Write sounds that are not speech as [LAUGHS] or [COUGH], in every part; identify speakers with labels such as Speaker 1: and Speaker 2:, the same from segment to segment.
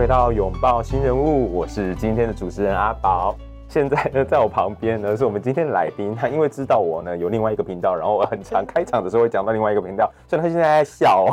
Speaker 1: 回到擁抱心人物，我是今天的主持人阿寶。現在呢，在我旁邊呢是我們今天的來賓，他因為知道我呢有另外一個頻道，然後我很常開場的時候會講到另外一個頻道， [LAUGHS] 所以他現在在笑。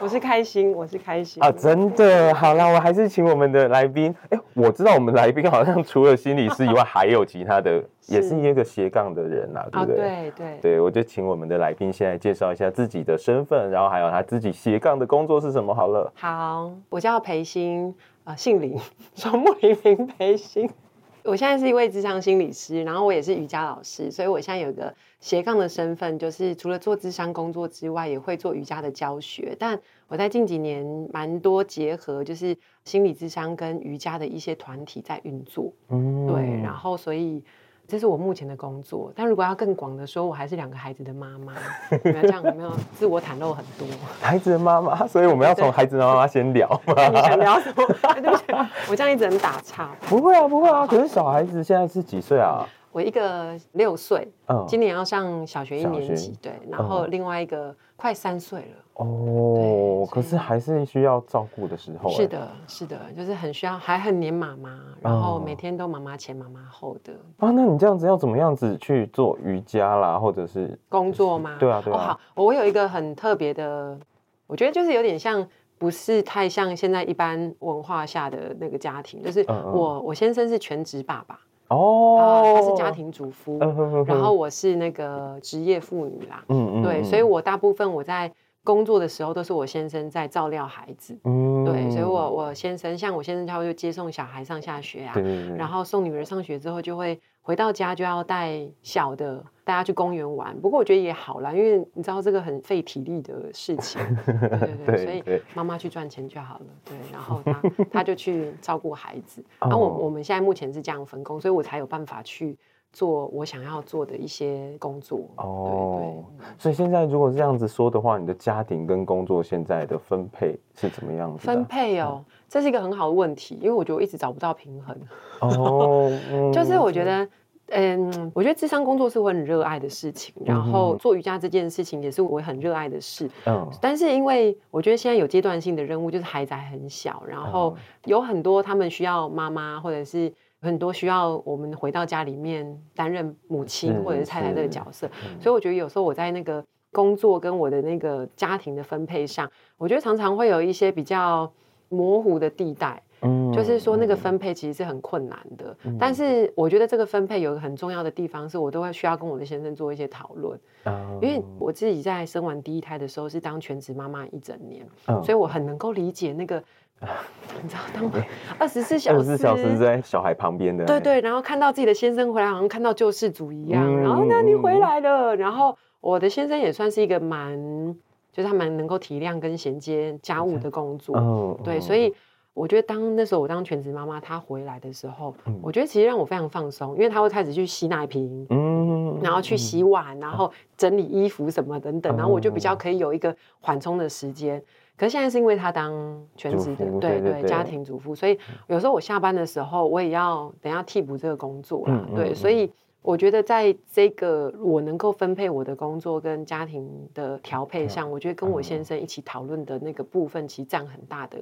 Speaker 2: 我是開心，我是開心啊，
Speaker 1: 真的。好了，我還是請我們的來賓。哎、欸，我知道我們來賓好像除了心理師以外， [LAUGHS] 還有其他的，也是一個斜槓的人啊， [LAUGHS] 對不對，對？對對對，我就請我們的來賓先來介紹一下自己的身份，然後還有他自己斜槓的工作是什麼？好了，
Speaker 2: 好，我叫培欣，啊、呃，姓林，叫木一名培欣。 [LAUGHS] 我現在是一位諮商心理師，然後我也是瑜伽老師，所以我現在有個斜槓的身份，就是除了做諮商工作之外，也會做瑜伽的教學。但我在近幾年蠻多結合，就是心理諮商跟瑜伽的一些團體在運作，
Speaker 3: 嗯，對，然後
Speaker 2: 所以。這是我目前的工作，但如果要更廣的說，我還是兩個孩子的媽媽。 [LAUGHS] 你要這樣我沒有自我袒露很多？
Speaker 1: 孩子的媽媽，所以我們要從孩子的媽媽先聊嘛？對對對，
Speaker 2: 你想聊什麼？對，對不起， [LAUGHS] 我這樣一直很打岔。
Speaker 1: 不會啊，不會啊。可是小孩子現在是幾歲啊？ [LAUGHS]
Speaker 2: 我一個六歲，嗯，今年要上小學一年級，小學，對，嗯、然後另外一個快三歲
Speaker 1: 了，哦，可是還是需要照顧的時候。是的，
Speaker 2: 是的，就是很需要，還很黏媽媽，嗯、然後每天都媽媽前媽媽後的。
Speaker 1: 啊，那你這樣子要怎麼樣子去做瑜伽啦，或者是、就
Speaker 2: 是、工作嗎？對啊，對啊、哦。好，我有一個很特別的，我覺得就是有點像，不是太像現在一般文化下的那個家庭，就是我嗯嗯我先生是全職爸爸。哦，他、oh, uh, 是家庭主夫，okay. 然後我是那個職業婦女啦。嗯嗯、
Speaker 3: mm，hmm. 對，所以我
Speaker 2: 大部分我在工作的時候，都是我先生在照料孩子。嗯、mm，hmm. 對，所以我我先生像我先生他會就接送小孩上下學啊，mm hmm. 然後送女兒上學之後就會，回到家就要帶小的，帶他去公園玩。不過我覺得也好啦，因為你知道這個很費體力的事情，對，對，對， [LAUGHS] 對，所以媽媽去賺錢就好了。對，然後他 [LAUGHS] 他就去照顧孩子。那、啊、我、oh. 我們現在目前是這樣分工，所以我才有辦法去做我想要做的一些工作。
Speaker 1: 哦，oh. 對，對，對，所以現在如果這樣子說的話，你的家庭跟工作現在的分配是怎麼樣子的？分
Speaker 2: 配哦、喔，嗯、這是一個很好的問題，因為我覺得我一直找不到平衡。哦，oh.
Speaker 3: [LAUGHS] 就是我覺得。
Speaker 2: 嗯，um, 我覺得諮商工作是我很熱愛的事情，嗯、哼然後做瑜伽這件事情也是我很熱愛的事。嗯、哦，但是因為我覺得現在有階段性的任務，就是孩子還很小，哦、然後有很多他們需要媽媽，或者是很多需要我們回到家裡面擔任母親、嗯、哼或者是太太的角色，嗯、哼所以我覺得有時候我在那個工作跟我的那個家庭的分配上，我覺得常常會有一些比較模糊的地帶。嗯、就是說那個分配其實是很困難的，嗯、但是我覺得這個分配有個很重要的地方，是我都會需要跟我的先生做一些討論。
Speaker 3: 嗯、因為
Speaker 2: 我自己在生完第一胎的時候是當全職媽媽一整年，哦、所以我很能夠理解那個，啊、你知道，當二十四小時二十四小時在
Speaker 1: 小孩旁邊的，對對，
Speaker 2: 然後看到自己的先生回來，好像看到救世主一樣，嗯、然後那你回來了，然後我的先生也算是一個蠻，就是他蠻能夠體諒跟銜接家務的工作，嗯、對，嗯、所以。我覺得當那時候我當全職媽媽，她回來的時候，我覺得其實讓我非常放鬆，因為她會開始去洗奶瓶，嗯，然後去洗碗，然後整理衣服什麼等等，然後我就比較可以有一個緩衝的時間。可是現在是因為她當全職的，對對，家庭主婦，所以有時候我下班的時候，我也要等一下替補這個工作啦。對，所以我覺得在這個我能夠分配我的工作跟家庭的調配上，我覺得跟我先生一起討論的那個部分，其實佔很大的。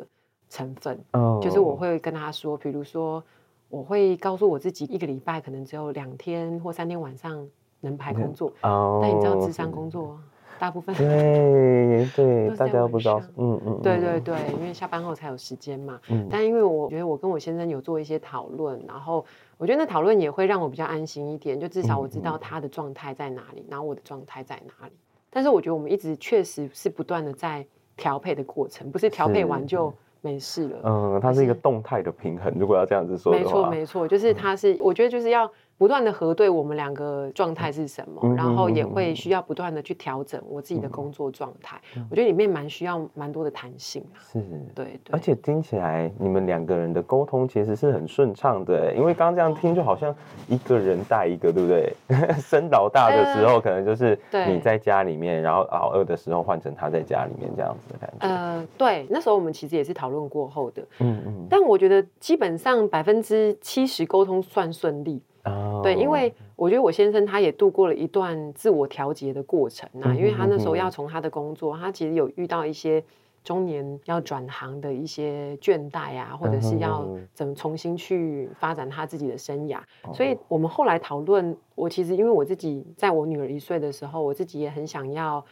Speaker 2: 成分，oh. 就是我會跟他說，比如說，我會告訴我自己，一個禮拜可能只有兩天或三天晚上能排工作哦。Okay . Oh. 但你知道，職場工作大部分對
Speaker 1: 對，對都大家都不知道，嗯嗯，對對
Speaker 2: 對，因為下班後才有時間嘛。嗯。但因為我覺得我跟我先生有做一些討論，然後我覺得那討論也會讓我比較安心一點，就至少我知道他的狀態在哪裡，嗯、然後我的狀態在哪裡。但是我覺得我們一直確實是不斷的在調配的過程，不是調配完就。沒事
Speaker 1: 了，嗯，它是一個動態的平衡。是如果要這樣子說的話，沒錯，沒
Speaker 2: 錯，就是它是，嗯、我覺得就是要。不斷的核對我們兩個狀態是什麼，嗯嗯嗯嗯，然後也會需要不斷的去調整我自己的工作狀態。嗯嗯，我覺得裡面蠻需要蠻多的彈性啊。是，對
Speaker 1: 對。對而且聽起來你們兩個人的溝通其實是很順暢的，因為剛，剛這樣聽就好像一個人帶一個，對不對？哦、 [LAUGHS] 生老大的時候可能就是你在家裡面，呃、然後老二的時候換成他在家裡
Speaker 3: 面這樣子的感
Speaker 2: 覺。呃，對，那時候我們其實也是討論過後的，嗯，嗯嗯。但我覺得基本上百分之七十溝通算順利。Oh, 對，因為我覺得我先生他也度過了一段自我調節的過程啊，嗯、哼哼，因為他那時候要從他的工作，他其實有遇到一些中年要轉行的一些倦怠啊，或者是要怎麼重新去發展他自己的生涯。嗯、哼哼，所以我們後來討論，我其實因為我自己在我女兒一歲的時候，我自己也很想要。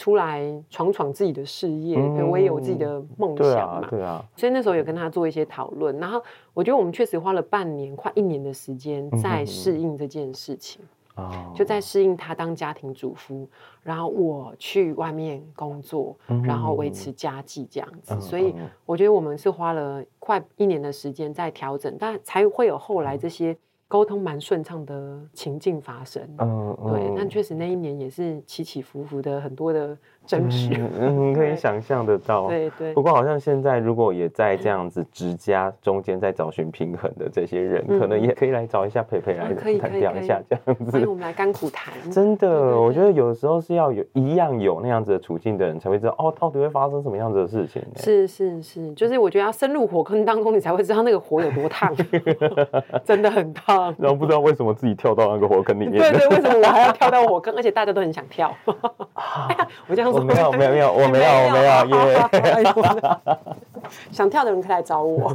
Speaker 2: 出來闖闖自己的事業，嗯、我也有自己的夢想嘛，對啊對啊，所以那時候有跟他做一些討論。然後我覺得我們確實花了半年、快一年的時間在適應這件事情，嗯嗯，就在適應他當家庭主夫，哦、然後我去外面工作，嗯嗯，然後維持家計這樣子。嗯嗯，所以我覺得我們是花了快一年的時間在調整，但才會有後來這些。溝通蠻順暢的情境發生，
Speaker 3: 嗯嗯，對，但確
Speaker 2: 實那一年也是起起伏伏的很多的。真實，嗯，可以
Speaker 1: 想象得到。對對。不過好像現在，如果也在這樣子職家中間在找尋平衡的這些人，可能也可以來找一下培培來可以談一下這樣子。我
Speaker 2: 們來甘苦談。
Speaker 1: 真的，我覺得有時候是要有一樣有那樣子的處境的人才會知道哦，到底會發生什麼樣子的事情。
Speaker 2: 是是是，就是我覺得要深入火坑當中，你才會知道那個火有多燙，
Speaker 1: 真的很燙。然後不知道為什麼自己跳到那個火坑裡面。對對，為
Speaker 2: 什麼我還要跳到火坑？而且大家都很想跳。我就。
Speaker 1: 沒有沒有沒有，我沒有我沒有也，
Speaker 2: 想跳的人可以來找我，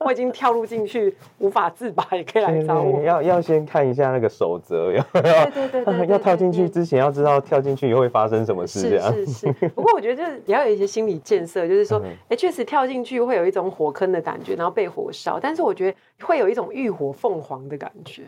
Speaker 2: 我已經跳入進去，無法自拔，也可以來找我。
Speaker 1: 要要先看一下那個守則，要要對對對，要跳進去之前要知道跳進去又會發生什麼事。是是是，
Speaker 2: 不過我覺得這也你要有一些心理建設，就是說，哎，確實跳進去會有一種火坑的感覺，然後被火燒，但是我覺得會有一種浴火鳳凰的感覺，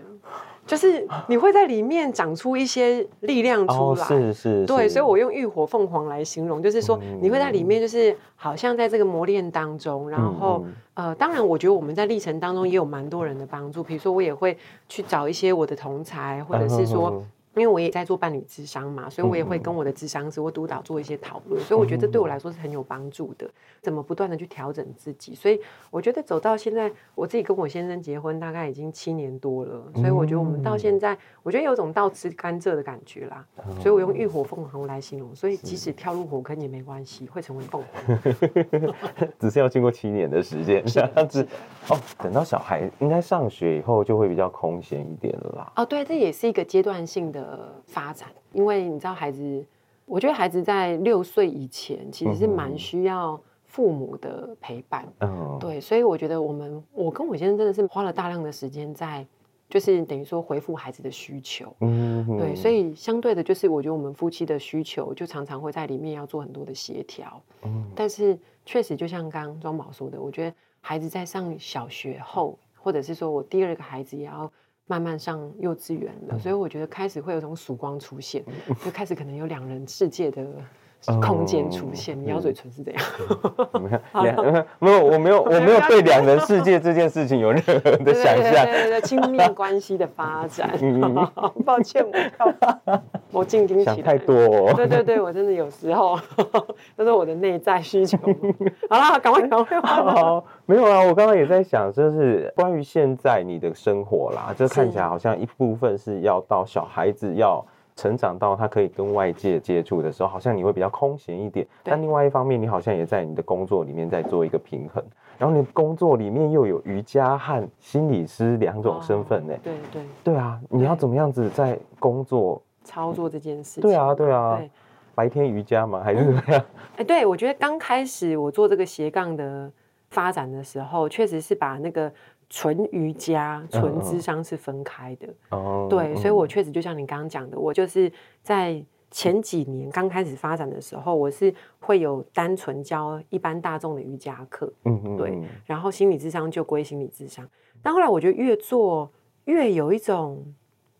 Speaker 2: 就是你會在裡面長出一些力量出來。是是，對，所以我用浴火鳳凰來形容，就是說你會在裡面，就是好像在這個磨練當中，嗯、然後、嗯、呃，當然我覺得我們在歷程當中也有蠻多人的幫助，比如說我也會去找一些我的同儕，或者是說。嗯嗯嗯嗯因為我也在做伴侶諮商嘛，所以我也會跟我的諮商師或督導做一些討論，嗯、所以我覺得這對我來說是很有幫助的。嗯、怎麼不斷的去調整自己？所以我覺得走到現在，我自己跟我先生結婚大概已經七年多了，所以我覺得我們到現在，嗯、我覺得有種倒吃甘蔗的感覺啦。嗯、所以，我用浴火鳳凰來形容。所以，即使跳入火坑也沒關係，會成為鳳凰。
Speaker 1: [LAUGHS] [LAUGHS] 只是要經過七年的時間，這樣子哦。等到小孩應該上學以後，就會比較空閒一點了啦。
Speaker 2: 哦，對、啊，這也是一個階段性的。呃，發展，因為你知道孩子，我覺得孩子在六歲以前其實是蠻需要父母的陪伴，嗯哼，對，所以我覺得我們，我跟我先生真的是花了大量的時間在，就是等於說回復孩子的需求，嗯哼，
Speaker 3: 對，所以
Speaker 2: 相對的，就是我覺得我們夫妻的需求就常常會在裡面要做很多的協調，嗯、但是確實就像剛剛莊寶說的，我覺得孩子在上小學後，嗯、或者是說我第二個孩子也要。慢慢上幼稚園了，所以我覺得開始會有種曙光出現，就開始可能有兩人世界的。空間出現，你咬、嗯、嘴唇是怎
Speaker 1: 樣？沒有，我沒有，我沒有對兩人世界這件事情有任何的想象。對
Speaker 2: 對，對對對，親密關係的發展。 [LAUGHS] 抱歉我，我我靜靜起來。想太多，哦。對對對，我真的有時候，這 [LAUGHS] 是我的內在需求。好了，趕快趕快。好，啦
Speaker 1: 好，沒有啊，我剛剛也在想，就是關於現在你的生活啦， [LAUGHS] 就看起來好像一部分是要到小孩子要。成長到他可以跟外界接觸的時候，好像你會比較空閒一點，對但另外一方面，你好像也在你的工作裡面，在做一個平衡，然後你工作裡面又有瑜伽和心理師兩種身份呢？對
Speaker 2: 對
Speaker 1: 對啊，你要怎麼樣子在工作
Speaker 2: 操作這件事？對啊對啊，
Speaker 1: 白天瑜伽嗎？還是怎麼樣？
Speaker 2: 哎、嗯，對我覺得剛開始我做這個斜槓的發展的時候，確實是把那個。純瑜伽、純諮商是分開的，uh
Speaker 3: oh. Oh, um. 對，所以，我
Speaker 2: 確實就像你剛剛講的，我就是在前幾年剛開始發展的時候，我是會有單純教一般大眾的瑜伽課，對，uh huh. 然後心理諮商就歸心理諮商，uh huh. 但後來我覺得越做越有一種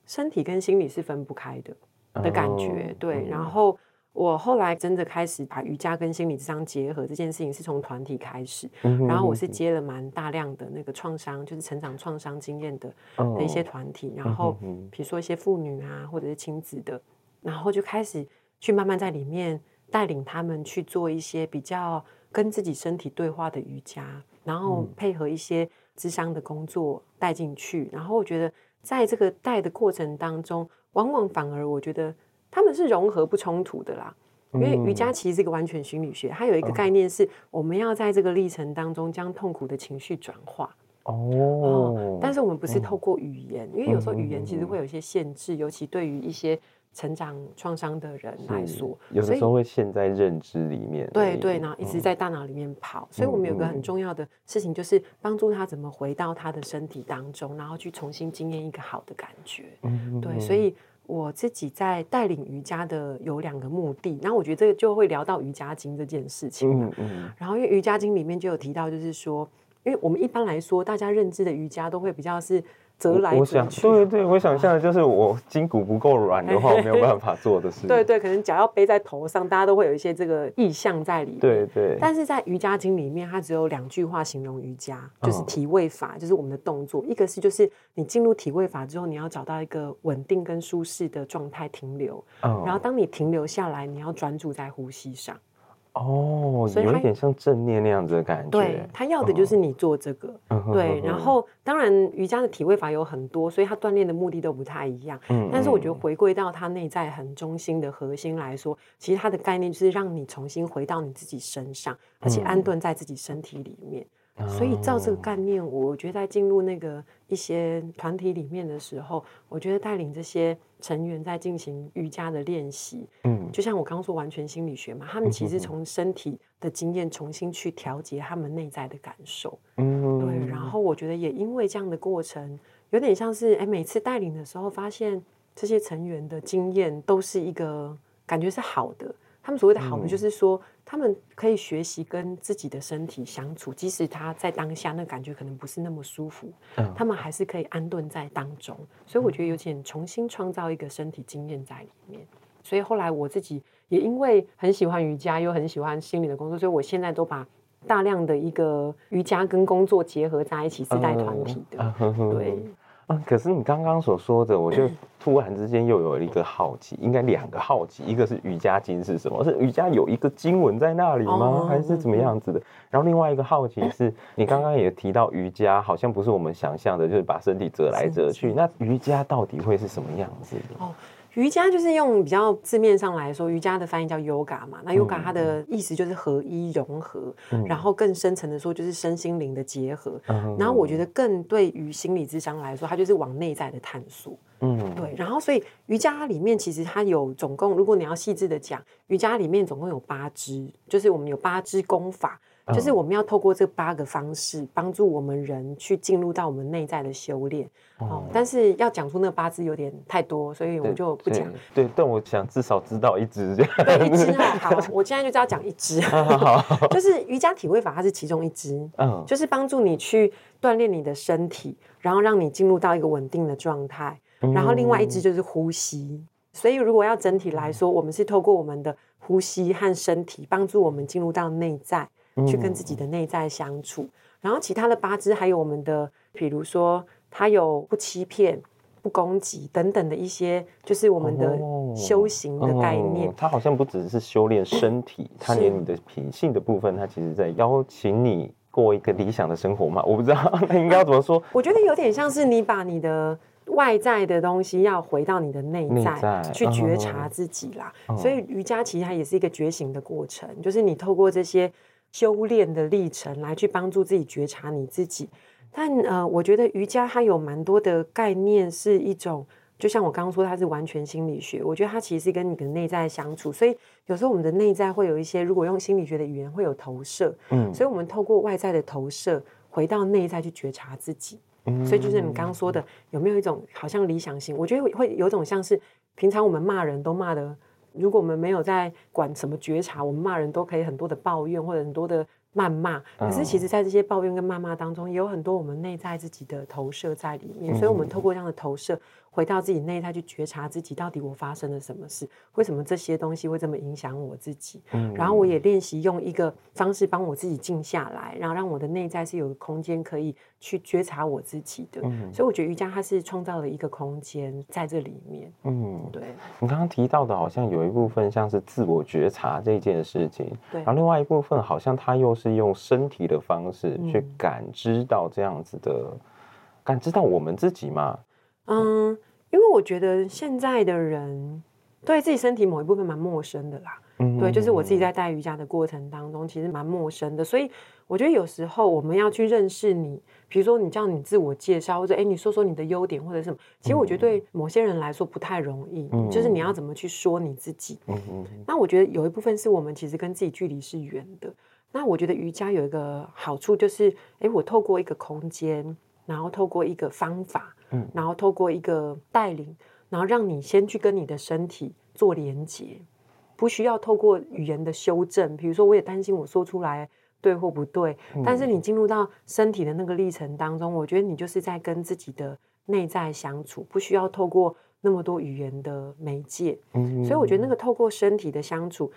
Speaker 2: 身體跟心理是分不開的
Speaker 3: 的感覺，對，uh huh. 然
Speaker 2: 後。我後來真的開始把瑜伽跟心理諮商結合這件事情，是從團體開始。然後我是接了蠻大量的那個創傷，就是成長創傷經驗的的一些團體。然後比如說一些婦女啊，或者是親子的，然後就開始去慢慢在裡面帶領他們去做一些比較跟自己身體對話的瑜伽，然後配合一些諮商的工作帶進去。然後我覺得在這個帶的過程當中，往往反而我覺得。他們是融合不衝突的啦，因為瑜伽其實是一個完全心理學，嗯、它有一個概念是，我們要在這個歷程當中將痛苦的情緒轉化。
Speaker 3: 哦、嗯，但是我們不是透
Speaker 2: 過語言，嗯、因為有時候語言其實會有一些限制，嗯嗯、尤其對於一些成長創傷的人來說，有的時候
Speaker 1: 會陷在認知裡面。所以，對對，然後一直在大腦裡面跑，嗯、所以我們有一個很
Speaker 2: 重要的事情，就是幫助他怎麼回到他的身體當中，然後去重新經驗一個好的感覺。嗯、嗯，對，所以。我自己在帶領瑜伽的有兩個目的，然後我覺得這個就會聊到瑜伽經這件事情了，嗯嗯嗯，然後因為瑜伽經裡面就有提到，就是說，因為我們一般來說大家認知的瑜伽都會比較是。則
Speaker 1: 則我,我想，對對,對，我想象的就是我筋骨不夠軟的話， [LAUGHS] 我沒有辦法做的事。 [LAUGHS] 對對，
Speaker 2: 可能腳要背在頭上，大家都會有一些這個意向在裡面。對對。但是在瑜伽經裡面，它只有兩句話形容瑜伽，就是體位法，哦、就是我們的動作。一個是就是你進入體位法之後，你要找到一個穩定跟舒適的狀態停留。哦、然後當你停留下來，你要專注在呼吸上。
Speaker 1: 哦，oh, 所以他有一點像正念那樣子的感覺。對，他要的就是
Speaker 2: 你做這個。Oh. 對，然後當然瑜伽的體位法有很多，所以他鍛鍊的目的都不太一樣。嗯，嗯，但是我覺得回歸到他內在很中心的核心來說，其實他的概念就是讓你重新回到你自己身上，而且安頓在自己身體裡面。嗯所以，照這個概念，我覺得在進入那個一些團體裡面的時候，我覺得帶領這些成員在進行瑜伽的練習，嗯，就像我剛剛說，完全心理學嘛，他們其實從身體的經驗重新去調節他們內在的感受，
Speaker 3: 嗯，對。嗯，然
Speaker 2: 後我覺得也因為這樣的過程，有點像是哎，每次帶領的時候，發現這些成員的經驗都是一個感覺是好的，他們所謂的好的就是說。嗯他們可以學習跟自己的身體相處，即使他在當下那感覺可能不是那麼舒服，嗯、他們還是可以安頓在當中。所以我覺得有點重新創造一個身體經驗在裡面。嗯、所以後來我自己也因為很喜歡瑜伽，又很喜歡心理的工作，所以我現在都把大量的一個瑜伽跟工作結合在一起，是帶團體的。
Speaker 1: 嗯、對。嗯可是你剛剛所說的，我就突然之間又有一個好奇，應該兩個好奇，一個是瑜伽經是什麼，是瑜伽有一個經文在那裡嗎，還是怎麼樣子的？然後另外一個好奇是，你剛剛也提到瑜伽，好像不是我們想象的，就是把身體折來折去，是那瑜伽到底會是什麼樣子的？
Speaker 2: 哦瑜伽，就是用比較字面上來說，瑜伽的翻譯叫 “yoga” 嘛。那 yoga 它的意思就是合一融合，嗯、然後更深層的說就是身心靈的結合。嗯、然後我覺得更對於心理諮商來說，它就是往內在的探索。嗯，對。然後所以瑜伽裡面其實它有總共，如果你要細緻的講，瑜伽裡面總共有八支，就是我們有八支功法。就是我們要透過這八個方式，幫助我們人去進入到我們內在的修煉。哦、嗯嗯，但是要講出那八支有點太多，所以我就不講，對對
Speaker 1: 對。對，但我想至少知道一支。 [LAUGHS] 對，一支
Speaker 2: 哈，好，我現在就知道講一支
Speaker 1: 好，嗯嗯嗯、
Speaker 2: [LAUGHS] 就是瑜伽體位法，它是其中一支，嗯，就是幫助你去鍛鍊你的身體，然後讓你進入到一個穩定的狀態。然後另外一支就是呼吸。所以如果要整體來說，嗯、我們是透過我們的呼吸和身體，幫助我們進入到內在。去跟自己的內在相處，嗯、然後其他的八支還有我們的，比如說它有不欺騙、不攻擊等等的一些，就是我們的修行的概念，哦嗯。
Speaker 1: 它好像不只是修煉身體，嗯、它連你的品性的部分，是它其實在邀請你過一個理想的生活嘛。我不知道那應該要怎麼說。
Speaker 2: 我覺得有點像是你把你的外在的東西要回到你的內在，內在去覺察自己啦。嗯、所以瑜伽其實它也是一個覺醒的過程，嗯、就是你透過這些。修煉的歷程來去幫助自己覺察你自己，但呃，我覺得瑜伽，它有蠻多的概念，是一種就像我剛剛說它是完全心理學，我覺得它其實是跟你的內在相處，所以有時候我們的內在會有一些，如果用心理學的語言會有投射，嗯，所以我們透過外在的投射回到內在去覺察自己，所以就是你剛剛說的有沒有一種好像理想型？我覺得會有種像是平常我們罵人都罵的。如果我們沒有在管什麼覺察，我們罵人都可以很多的抱怨，或者很多的謾罵。可是其實，在這些抱怨跟謾罵當中，也有很多我們內在自己的投射在裡面。所以，我們透過這樣的投射。回到自己內在去覺察自己，到底我發生了什麼事？為什麼這些東西會這麼影響我自己？嗯，然後我也練習用一個方式幫我自己靜下來，然後讓我的內在是有空間可以去覺察我自己的。嗯，所以我覺得瑜伽它是創造了一個空間在這裡面。嗯，對。
Speaker 1: 你剛剛提到的，好像有一部分像是自我覺察這件事情，對，然後另外一部分好像它又是用身體的方式去感知到這樣子的，嗯，感知到我們自己嘛。
Speaker 2: 嗯，因為我覺得現在的人對自己身體某一部分蠻陌生的啦。嗯，對，就是我自己在帶瑜伽的過程當中，其實蠻陌生的。所以我覺得有時候我們要去認識你，比如說你叫你自我介紹，或者哎，你說說你的優點或者什麼。其實我覺得對某些人來說不太容易，嗯，就是你要怎麼去說你自己。嗯，嗯，那我覺得有一部分是我們其實跟自己距離是遠的。那我覺得瑜伽有一個好處就是，哎，我透過一個空間。然後透過一個方法，然後透過一個帶領，然後讓你先去跟你的身體做連接，不需要透過語言的修正。比如說，我也擔心我說出來對或不對，但是你進入到身體的那個歷程當中，我覺得你就是在跟自己的內在相處，不需要透過那麼多語言的媒介。所以我覺得那個透過身體的相處，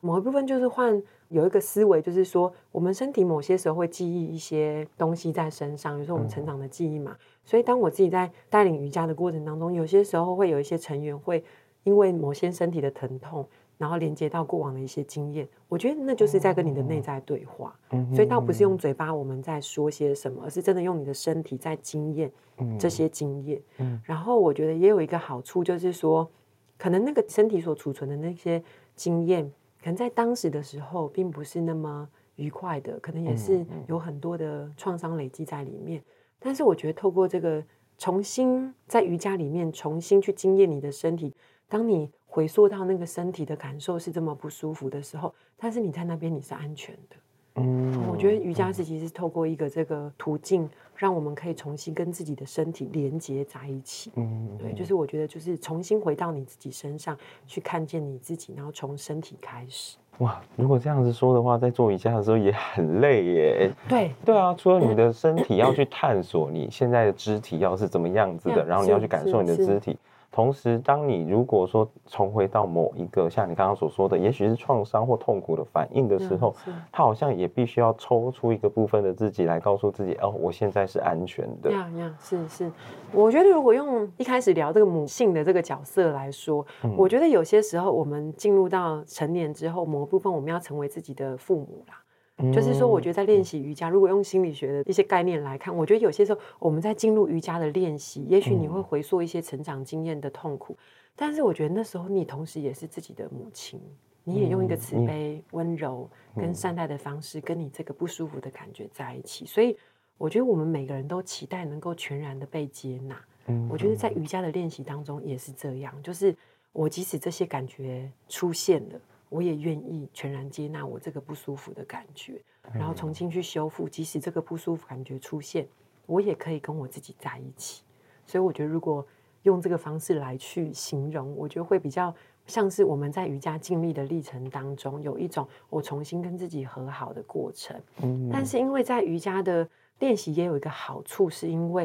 Speaker 2: 某一部分就是換。有一個思維，就是說，我們身體某些時候會記憶一些東西在身上，比如說我們成長的記憶嘛。嗯，所以，當我自己在帶領瑜伽的過程當中，有些時候會有一些成員會因為某些身體的疼痛，然後連接到過往的一些經驗。我覺得那就是在跟你的內在對話，所以倒不是用嘴巴我們在說些什麼，而是真的用你的身體在經驗這些經驗。嗯。嗯，然後，我覺得也有一個好處，就是說，可能那個身體所儲存的那些經驗。可能在當時的時候，並不是那麼愉快的，可能也是有很多的創傷累積在裡面。但是，我覺得透過這個重新在瑜伽裡面重新去經驗你的身體，當你回溯到那個身體的感受是這麼不舒服的時候，但是你在那邊你是安全的。嗯，我覺得瑜伽，是其實是透過一個這個途徑，讓我們可以重新跟自己的身體連接在一起。嗯，對，就是我覺得就是重新回到你自己身上去看見你自己，然後從身體開始。
Speaker 1: 哇，如果這樣子說的話，在做瑜伽的時候也很累耶。
Speaker 2: 對，對啊，除了你
Speaker 1: 的身體要去探索你現在的肢體要是怎麼樣子的，這樣，然後你要去感受你的肢體，同時，當你如果說重回到某一個像你剛剛所說的，也許是創傷或痛苦的反應的時候，yeah, 是。他好像也必須要抽出一個部分的自己來告訴自己，哦，我現在是安全
Speaker 2: 的。樣樣、yeah, yeah, 是是，我覺得如果用一開始聊這個母性的這個角色來說，嗯、我覺得有些時候我們進入到成年之後，某一部分我們要成為自己的父母啦。嗯、就是說，我覺得在練習瑜伽，嗯、如果用心理學的一些概念來看，我覺得有些時候我們在進入瑜伽的練習，也許你會回溯一些成長經驗的痛苦，嗯、但是我覺得那時候你同時也是自己的母親，你也用一個慈悲、嗯、溫柔、嗯、跟善待的方式，跟你這個不舒服的感覺在一起。所以我覺得我們每個人都期待能夠全然的被接納。嗯、我覺得在瑜伽的練習當中也是這樣，就是我即使這些感覺出現了。我也願意全然接納我這個不舒服的感覺，然後重新去修復。即使這個不舒服感覺出現，我也可以跟我自己在一起。所以我覺得，如果用這個方式來去形容，我覺得會比較像是我們在瑜伽經歷的歷程當中，有一種我重新跟自己和好的過程。嗯嗯。但是因為在瑜伽的練習也有一個好處，是因為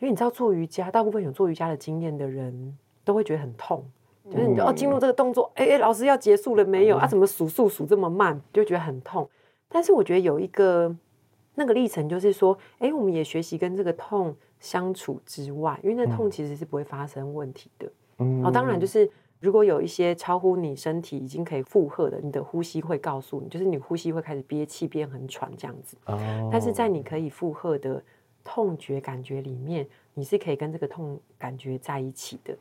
Speaker 2: 因為你知道做瑜伽，大部分有做瑜伽的經驗的人都會覺得很痛。就是你就哦，進入這個動作，哎、欸、哎，老師要結束了沒有？啊，怎麼數數數這麼慢？就覺得很痛。但是我覺得有一個那個歷程，就是說，哎、欸，我們也學習跟這個痛相處之外，因為那痛其實是不會發生問題的。嗯、哦，當然就是如果有一些超乎你身體已經可以負荷的，你的呼吸會告訴你，就是你呼吸會開始憋氣、變很喘這樣子。哦、
Speaker 3: 但是在
Speaker 2: 你可以負荷的痛覺感覺裡面，你是可以跟這個痛感覺在一起的。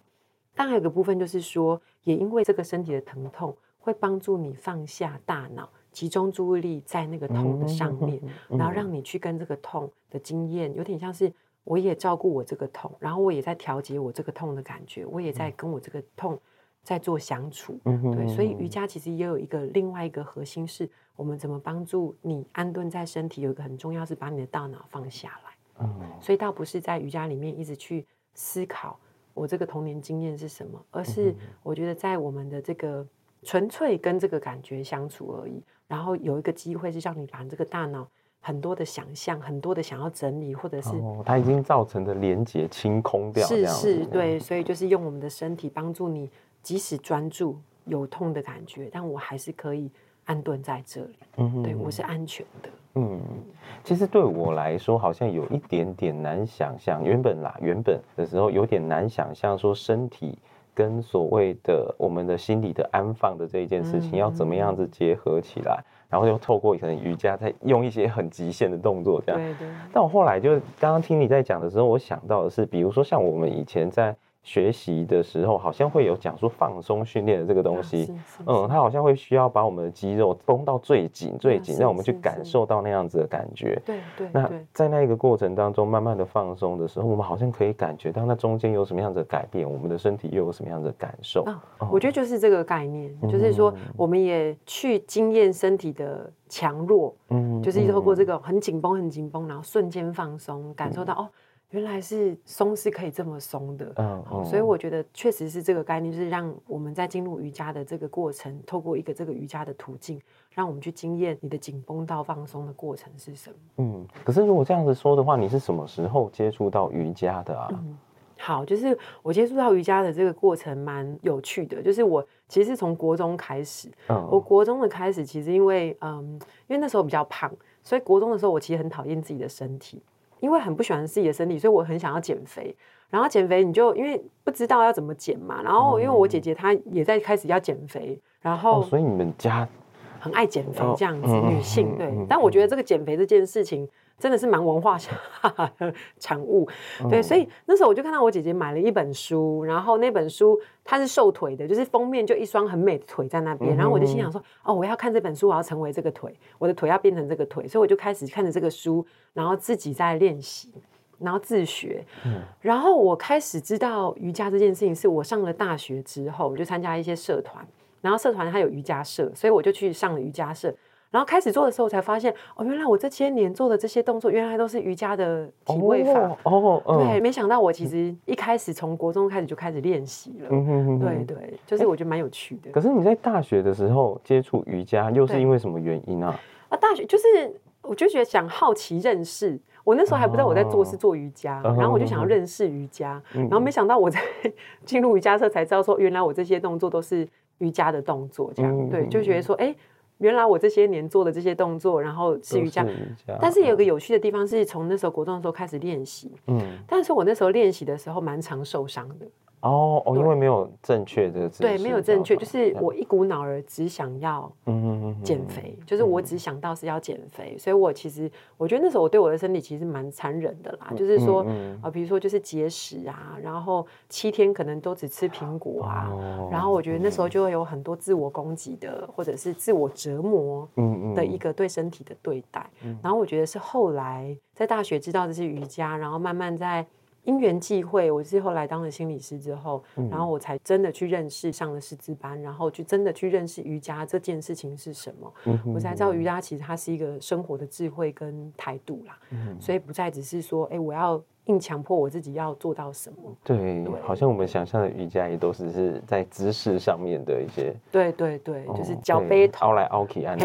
Speaker 2: 但還有個部分，就是說，也因為這個身體的疼痛，會幫助你放下大腦，集中注意力在那個痛的上面，然後讓你去跟這個痛的經驗，有點像是我也照顧我這個痛，然後我也在調節我這個痛的感覺，我也在跟我這個痛在做相處。對，所以瑜伽其實也有一個另外一個核心，是我們怎麼幫助你安頓在身體，有一個很重要是把你的大腦放下來。嗯，所以倒不是在瑜伽裡面一直去思考。我這個童年經驗是什麼？而是我覺得在我們的這個純粹跟這個感覺相處而已。然後有一個機會是讓你把你這個大腦很多的想象、很多的想要整理，或者是、哦、它已經
Speaker 1: 造成的連結清空掉。是是，對。
Speaker 2: 嗯、所以就是用我們的身體幫助你，即使專注有痛的感覺，但我還是可以。安頓在這裡，嗯、對我是安全的。
Speaker 1: 嗯，其實對我來說好像有一點點難想象。原本啦，原本的時候有點難想象，說身體跟所謂的我們的心理的安放的這一件事情要怎麼樣子結合起來，嗯、然後又透過可能瑜伽，再用一些很極限的動作這樣。對，對對。但我後來就是剛剛聽你在講的時候，我想到的是，比如說像我們以前在。學習的時候，好像會有講說放鬆訓練的這個東西，嗯，它好像會需要把我們的肌肉繃到最緊、最緊，讓我們去感受到那樣子的感覺。
Speaker 3: 對對。那
Speaker 1: 在那個過程當中，慢慢的放鬆的時候，我們好像可以感覺到那中間有什麼樣的改變，我們的身體又有什麼樣的感受？
Speaker 2: 我覺得就是這個概念，就是說我們也去經驗身體的強弱，嗯，就是透過這個很緊繃、很緊繃，然後瞬間放鬆，感受到哦。原來是鬆是可以這麼鬆的，嗯，好，所以我覺得確實是這個概念，就是讓我們在進入瑜伽的這個過程，透過一個這個瑜伽的途徑，讓我們去經驗你的緊繃到放鬆的過程是什麼。
Speaker 1: 嗯，可是如果這樣子說的話，你是什麼時候接觸到瑜伽的啊？
Speaker 2: 嗯，好，就是我接觸到瑜伽的這個過程蠻有趣的，就是我其實是從國中開始，嗯，我國中的開始其實因為嗯，因為那時候比較胖，所以國中的時候我其實很討厭自己的身體。因為很不喜歡自己的身體，所以我很想要減肥。然後減肥你就因為不知道要怎麼減嘛。然後因為我姐姐她也在開始要減肥，然後所以你們家很愛減肥這樣子，女性，對。嗯嗯嗯、但我覺得這個減肥這件事情，真的是蠻文化產物，對，嗯，所以那時候我就看到我姐姐買了一本書，然後那本書它是瘦腿的，就是封面就一雙很美的腿在那邊，然後我就心想說，哦，我要看這本書，我要成為這個腿，我的腿要變成這個腿，所以我就開始看着這個書，然後自己在練習，然後自學，
Speaker 3: 嗯，
Speaker 2: 然後我開始知道瑜伽這件事情，是我上了大學之後，我就參加一些社團，然後社團它有瑜伽社，所以我就去上了瑜伽社。然後開始做的時候，我才發現哦，原來我這些年做的這些動作，原來都是瑜伽的體位法
Speaker 3: 哦。哦嗯、對，沒
Speaker 2: 想到我其實一開始從國中開始就開始練習了。
Speaker 3: 嗯、哼哼哼對
Speaker 2: 對，就是我覺得蠻有趣的。可
Speaker 1: 是你在大學的時候接觸瑜伽又是因為什麼原因啊？啊，
Speaker 2: 大學就是我就覺得想好奇認識。我那時候還不知道我在做是做瑜伽，哦、然後我就想要認識瑜伽，嗯、哼哼哼然後沒想到我在進入瑜伽社才知道說，原來我這些動作都是瑜伽的動作，這樣對，就覺得說哎。原來我這些年做的這些動作，然後吃瑜伽，是但是有個有趣的地方，是從那時候國中的時候開始練習。嗯，但是我那時候練習的時候蠻常受傷的。
Speaker 1: 哦哦，oh, oh, 對因為沒有正確的
Speaker 2: 對，沒有正確，就是我一股腦兒只想要嗯嗯
Speaker 3: 嗯減肥，
Speaker 2: 嗯嗯嗯、就是我只想到是要減肥，嗯、所以我其實我覺得那時候我對我的身體其實蠻殘忍的啦，嗯、就是說啊，嗯嗯、比如說就是節食啊，然後七天可能都只吃蘋果啊，哦、然後我覺得那時候就會有很多自我攻擊的或者是自我折磨
Speaker 3: 嗯的一
Speaker 2: 個對身體的對待，嗯嗯、然後我覺得是後來在大學知道的是瑜伽，然後慢慢在。因緣際會，我是後來當了心理師之後，嗯、然後我才真的去認識上了師資班，然後去真的去認識瑜伽這件事情是什麼，嗯哼嗯哼嗯我才知道瑜伽其實它是一個生活的智慧跟態度啦，嗯嗯，所以不再只是說，誒，我要。並強迫我自己要做到什麼？對，
Speaker 1: 對好像我們想象的瑜伽也都是是在姿勢上面的一些，
Speaker 2: 對對對，嗯、就是腳背頭凹
Speaker 1: 來凹去然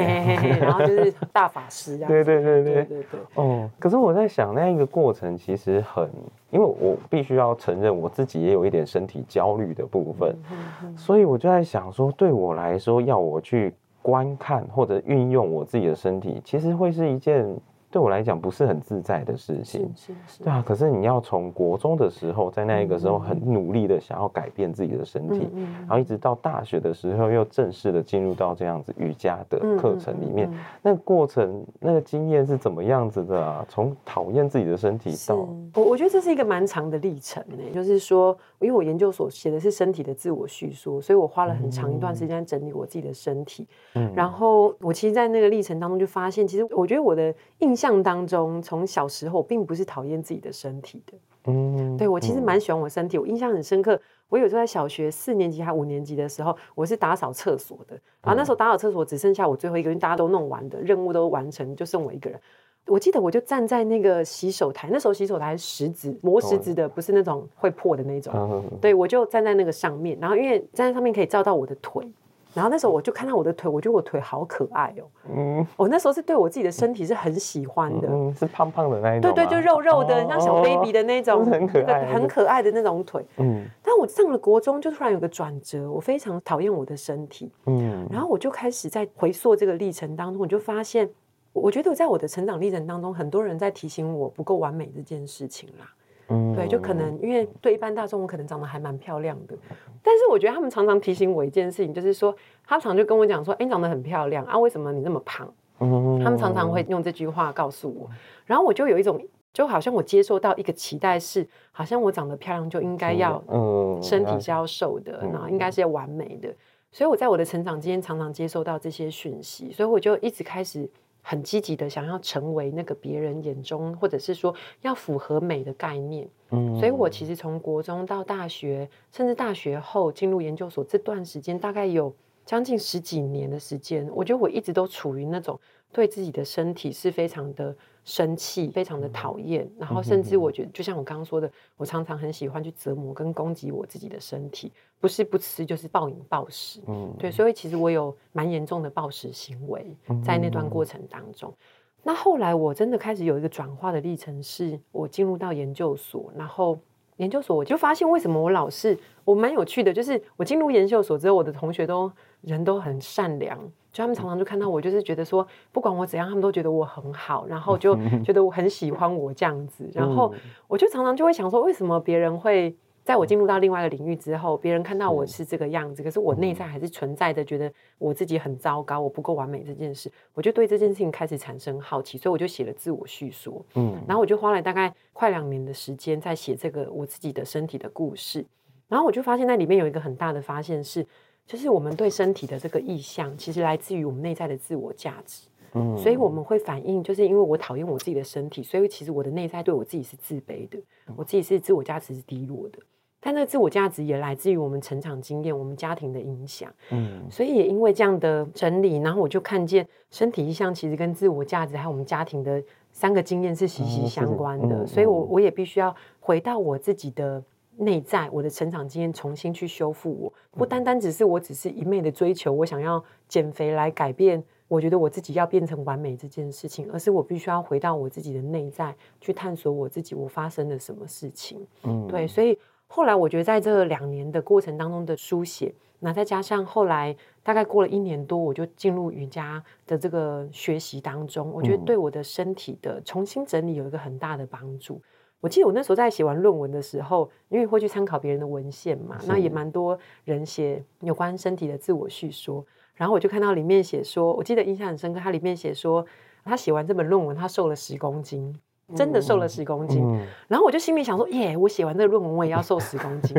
Speaker 1: 後就是
Speaker 2: 大法師這樣。對對對對對
Speaker 3: 對、
Speaker 1: 嗯。可是我在想，那一個過程其實很，因為我必須要承認，我自己也有一點身體焦慮的部分，嗯嗯、所以我就在想說，對我來說，要我去觀看或者運用我自己的身體，其實會是一件。對我來講不是很自在的事情，是是是對啊。可是你要從國中的時候，在那一個時候很努力的想要改變自己的身體，嗯嗯嗯，然後一直到大學的時候，又正式的進入到這樣子瑜伽的課程裡面，嗯嗯嗯，那個過程，那個經驗是怎麼樣子的啊？從討厭自己的身體到
Speaker 2: 我，我覺得這是一個蠻長的歷程呢，欸，就是說。因為我研究所寫的是身體的自我敘述，所以我花了很長一段時間整理我自己的身體。嗯，然後我其實，在那個歷程當中就發現，其實我覺得我的印象當中，從小時候我並不是討厭自己的身體的。嗯，
Speaker 3: 對，我其實蠻
Speaker 2: 喜歡我身體。我印象很深刻，我有時候在小學四年級還五年級的時候，我是打掃廁所的。然後那時候打掃廁所只剩下我最後一個，因為大家都弄完的任務都完成，就剩我一個人。我記得我就站在那個洗手台，那時候洗手台是石子，磨石子的，oh. 不是那種會破的那種。Oh. 對我就站在那個上面，然後因為站在上面可以照到我的腿，然後那時候我就看到我的腿，我覺得我腿好可愛哦。嗯，我那時候是對我自己的身體是很喜歡的，mm. 是胖胖的那一種，對對，就肉肉的，oh. 像小 baby 的那種，很可愛，很可愛的那種腿。嗯，oh. 但我上了國中就突然有個轉折，我非常討厭我的身體。嗯，mm. 然後我就開始在回溯這個歷程當中，我就發現。我覺得我在我的成長歷程當中，很多人在提醒我不夠完美這件事情啦。嗯，
Speaker 3: 對，就可能
Speaker 2: 因為對一般大眾，我可能長得還蠻漂亮的，但是我覺得他們常常提醒我一件事情，就是說他常就跟我講說：“哎，你長得很漂亮啊，為什麼你那麼胖？”
Speaker 3: 他們常常會
Speaker 2: 用這句話告訴我。然後我就有一種就好像我接受到一個期待，是好像我長得漂亮就應該要嗯身體是要瘦的，然後應該是要完美的。所以我在我的成長之間常常接受到這些訊息，所以我就一直開始。很積極的想要成為那個別人眼中，或者是說要符合美的概念。嗯，所以我其實從國中到大學，甚至大學後進入研究所這段時間，大概有將近十幾年的時間，我覺得我一直都處於那種對自己的身體是非常的。生氣，非常的討厭，嗯、然後甚至我覺得，就像我剛剛說的，嗯、我常常很喜歡去折磨跟攻擊我自己的身體，不是不吃就是暴飲暴食。嗯，對，所以其實我有蠻嚴重的暴食行為在那段過程當中。嗯、那後來我真的開始有一個轉化的歷程是，是我進入到研究所，然後研究所我就發現，為什麼我老是，我蠻有趣的，就是我進入研究所之後，我的同學都人都很善良。就他們常常就看到我，就是覺得說，不管我怎樣，他們都覺得我很好，然後就覺得我很喜歡我這樣子。 [LAUGHS] 然後我就常常就會想說，為什麼別人會在我進入到另外一個領域之後，別人看到我是這個樣子，可是我內在還是存在的，覺得我自己很糟糕，我不夠完美這件事，我就對這件事情開始產生好奇，所以我就寫了自我敘說。嗯，然後我就花了大概快兩年的時間在寫這個我自己的身體的故事，然後我就發現，那裡面有一個很大的發現是。就是我們對身體的這個意向，其實來自於我們內在的自我價值。嗯，所以我們會反映，就是因為我討厭我自己的身體，所以其實我的內在對我自己是自卑的，我自己是自我價值是低落的。但那自我價值也來自於我們成長經驗、我們家庭的影響。嗯，所以也因為這樣的整理，然後我就看見身體意向其實跟自我價值還有我們家庭的三個經驗是息息相關的。嗯，是，嗯，嗯，所以我，我我也必須要回到我自己的。內在我的成長經驗，重新去修復我，不單單只是我只是一昧的追求、嗯、我想要減肥來改變，我覺得我自己要變成完美這件事情，而是我必須要回到我自己的內在去探索我自己，我發生了什麼事情。嗯，對，所以後來我覺得在這兩年的過程當中的書寫，那再加上後來大概過了一年多，我就進入瑜伽的這個學習當中，嗯、我覺得對我的身體的重新整理有一個很大的幫助。我記得我那時候在寫完論文的時候，因為會去參考別人的文獻嘛，是那也蠻多人寫有關身體的自我敘說。然後我就看到裡面寫說，我記得印象很深刻，他裡面寫說，他寫完這本論文，他瘦了十公斤，嗯、真的瘦了十公斤。嗯、然後我就心裡想說，耶，我寫完這個論文，我也要瘦十公斤。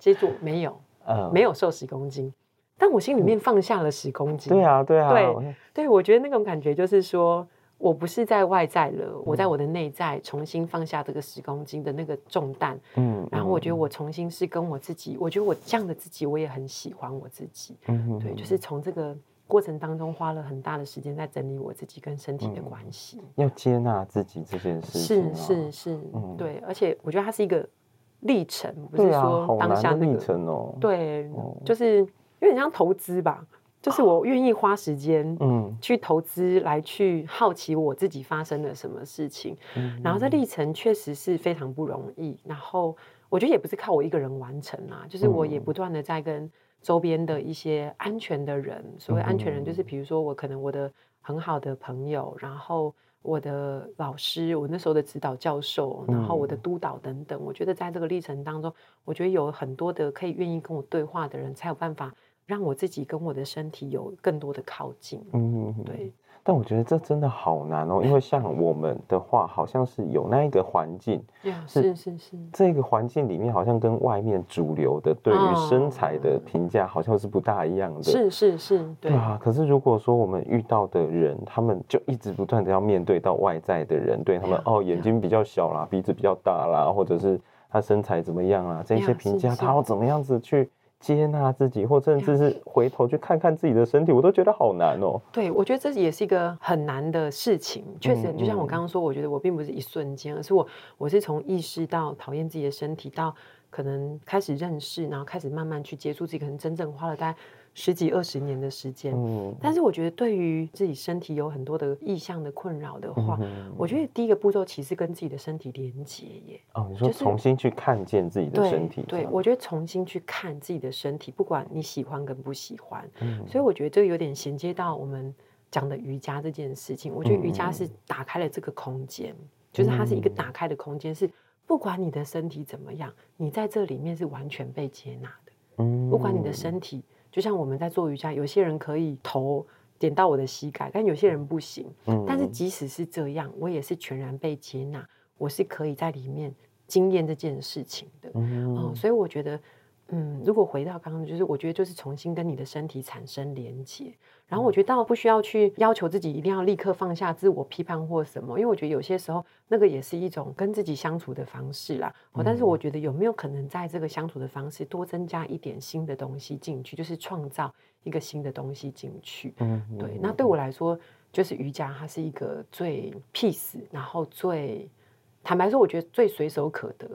Speaker 2: 結果 [LAUGHS] 沒有，呃，uh, 沒有瘦十公斤，但我心裡面放下了十公斤。嗯、對啊，對啊，對，我也對我覺得那種感覺就是說。我不是在外在了，嗯、我在我的內在重新放下這個十公斤的那個重擔，嗯，嗯然後我覺得我重新是跟我自己，我覺得我這樣的自己，我也很喜歡我自己，嗯哼哼，對，就是從這個過程當中花了很大的時間在整理我自己跟身體的關係，嗯、
Speaker 1: 要接納自己這件事情、啊是，是是是，嗯、對，
Speaker 2: 而且我覺得它是一個歷程，不是說當下、這個啊、好難的歷
Speaker 1: 程哦，對，
Speaker 2: 就是有點像投資吧。就是我願意花時間，嗯，去投資來去好奇我自己發生了什麼事情，嗯，然後這歷程確實是非常不容易。然後我覺得也不是靠我一個人完成啊，就是我也不斷的在跟周邊的一些安全的人，嗯，所謂安全人就是比如說我可能我的很好的朋友，嗯，然後我的老師，我那時候的指導教授，嗯，然後我的督導等等。我覺得在這個歷程當中，我覺得有很多的可以願意跟我對話的人才有辦法。讓我自己跟我的身體有更多的靠近，嗯，對。
Speaker 1: 但我覺得這真的好難哦，因為像我們的話，好像是有那一個環境，是
Speaker 2: 是 Yeah, 是，是是
Speaker 1: 這個環境裡面好像跟外面主流的對於身材的評價、oh, 好像是不大一樣的，是
Speaker 2: 是是，對啊。
Speaker 1: 可是如果說我們遇到的人，他們就一直不斷地要面對到外在的人對他們 yeah, 哦，yeah. 眼睛比較小啦，鼻子比較大啦，或者是他身材怎麼樣啊，這些評價，yeah, 他要怎麼樣子去？接納自己，或甚至是回頭去看看自己的身體，有我都覺得好難哦。
Speaker 2: 對，我覺得這也是一個很難的事情。確實，就像我剛剛說，我覺得我並不是一瞬間，嗯，而是我我是從意識到討厭自己的身體，到可能開始認識，然後開始慢慢去接觸自己，可能真正花了大概，十幾二十年的時間，嗯，但是我覺得對於自己身體有很多的意向的困擾的話，我覺得第一個步驟其實跟自己的身體連接耶。哦，你說重新
Speaker 1: 去看見自己的身體，對，
Speaker 2: 我覺得重新去看自己的身體，不管你喜歡跟不喜歡，嗯，所以我覺得這有點銜接到我們講的瑜伽這件事情。我覺得瑜伽是打開了這個空間，就是它是一個打開的空間，是不管你的身體怎麼樣，你在這裡面是完全被接納的，
Speaker 3: 嗯，不管你的身
Speaker 2: 體。就像我們在做瑜伽，有些人可以頭點到我的膝蓋，但有些人不行。嗯嗯嗯。但是即使是這樣，我也是全然被接納，我是可以在裡面經驗這件事情的。嗯嗯嗯。嗯，所以我覺得。嗯，如果回到剛剛，就是我覺得就是重新跟你的身體產生連接，然後我覺得倒不需要去要求自己一定要立刻放下自我批判或什麼，因為我覺得有些時候那個也是一種跟自己相處的方式啦。哦，但是我覺得有沒有可能在這個相處的方式多增加一點新的東西進去，就是創造一個新的東西進去。嗯，對。那對我來說，就是瑜伽，它是一個最 peace，然後最坦白說，我覺得最隨手可得。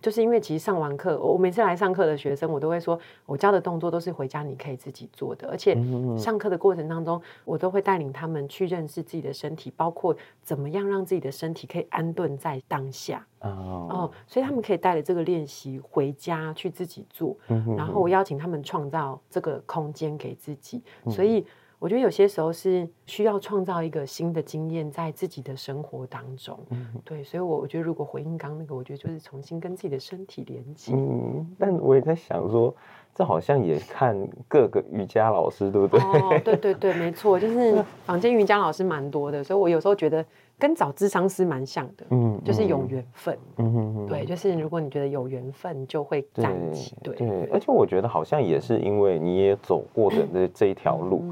Speaker 2: 就是因為其實上完課，我每次來上課的學生，我都會說，我教的動作都是回家你可以自己做的，而且上課的過程當中，我都會帶領他們去認識自己的身體，包括怎麼樣讓自己的身體可以安頓在當下。Oh. 哦，所以他們可以帶着這個練習回家去自己做，oh. 然後我邀請他們創造這個空間給自己，oh. 所以。我覺得有些時候是需要創造一個新的經驗在自己的生活當中，對，所以，我我覺得如果回應剛剛那個，我覺得就是重新跟自己的身體連接。嗯，
Speaker 1: 但我也在想說，這好像也看各個瑜伽老師，對不對？哦、
Speaker 2: 對對對，沒錯，就是坊間瑜伽老師蠻多的，所以我有時候覺得。跟找諮商師蠻像
Speaker 1: 的，嗯，就是有緣分，嗯嗯嗯，對，就
Speaker 2: 是如果你覺得有緣分，就會站起，
Speaker 1: 對對，而且我覺得好像也是因為你也走過的這這一條路，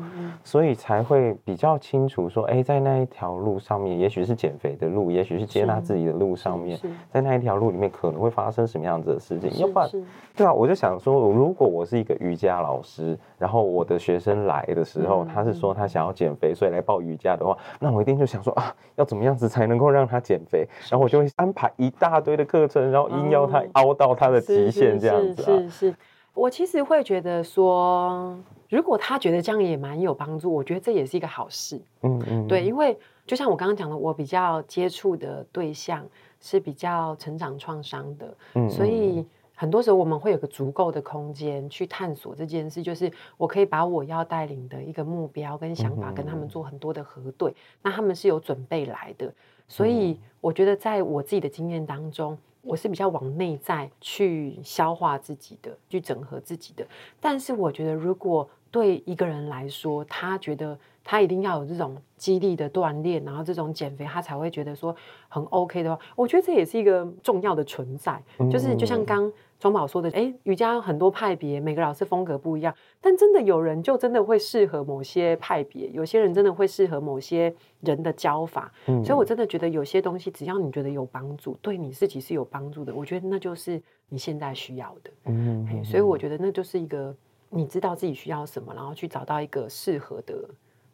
Speaker 1: 所以才會比較清楚說，哎，在那一條路上面，也許是減肥的路，也許是接納自己的路上面，在那一條路裡面可能會發生什麼樣子的事情，要不然，對啊，我就想說，如果我是一個瑜伽老師，然後我的學生來的時候，他是說他想要減肥，所以來報瑜伽的話，那我一定就想說啊，要怎麼。怎麼樣子才能夠讓他減肥？是，然後我就會安排一大堆的課程，哦、然後硬要他凹到他的極限，是是是是這樣子，啊是。
Speaker 2: 是是，我其實會覺得說，如果他覺得這樣也蠻有幫助，我覺得這也是一個好事。嗯嗯，
Speaker 3: 嗯對，
Speaker 2: 因為就像我剛剛講的，我比較接觸的對象是比較成長創傷的，嗯、所以。嗯很多時候我們會有個足夠的空間去探索這件事，就是我可以把我要帶領的一個目標跟想法跟他們做很多的核對，嗯，那他們是有準備來的。所以我覺得在我自己的經驗當中，我是比較往內在去消化自己的，去整合自己的。但是我覺得，如果對一個人來說，他覺得他一定要有這種激勵的鍛鍊，然後這種減肥，他才會覺得說很 OK 的話，我覺得這也是一個重要的存在，就是就像剛。莊寶說的，哎，瑜伽，有很多派別，每個老師風格不一樣，但真的有人就真的會適合某些派別，有些人真的會適合某些人的教法。嗯，所以我真的覺得有些東西，只要你覺得有幫助，對你自己是有幫助的，我覺得那就是你現在需要的。
Speaker 3: 嗯，嗯，所以
Speaker 2: 我覺得那就是一個，你知道自己需要什麼，然後去找到一個適合的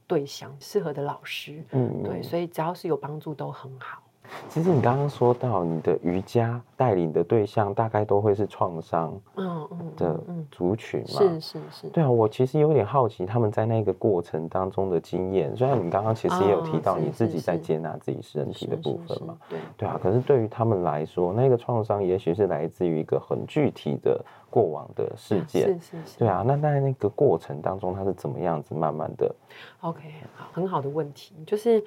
Speaker 2: 對象，適合的老師。嗯，嗯，對，所以只要是有幫助都很好。
Speaker 1: 其實你剛剛說到你的瑜伽帶領的對象大概都會是創傷的族群嘛，是
Speaker 2: 是是。對啊，我
Speaker 1: 其實有點好奇他們在那個過程當中的經驗。雖然你剛剛其實也有提到你自己在接納自己身體的部分嘛，對啊。可是對於他們來說，那個創傷也許是來自於一個很具體的過往的事件，是是是。對啊，那在那個過程當中，他是怎麼樣子慢慢的
Speaker 2: ？OK，好，很好的問題，就是。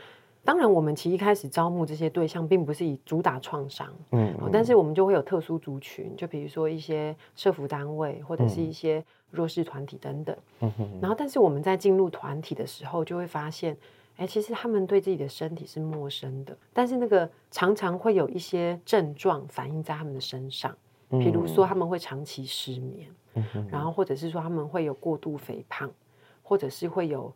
Speaker 2: 當然，我們其實一開始招募這些對象，並不是以主打創傷，嗯、哦，但是我們就會有特殊族群，就比如說一些社服單位，或者是一些弱勢團體等等。嗯、然後，但是我們在進入團體的時候，就會發現，哎，其實他們對自己的身體是陌生的，但是那個常常會有一些症狀反映在他們的身上，譬如說他們會長期失眠，
Speaker 3: 嗯、然
Speaker 2: 後或者是說他們會有過度肥胖，或者是會有。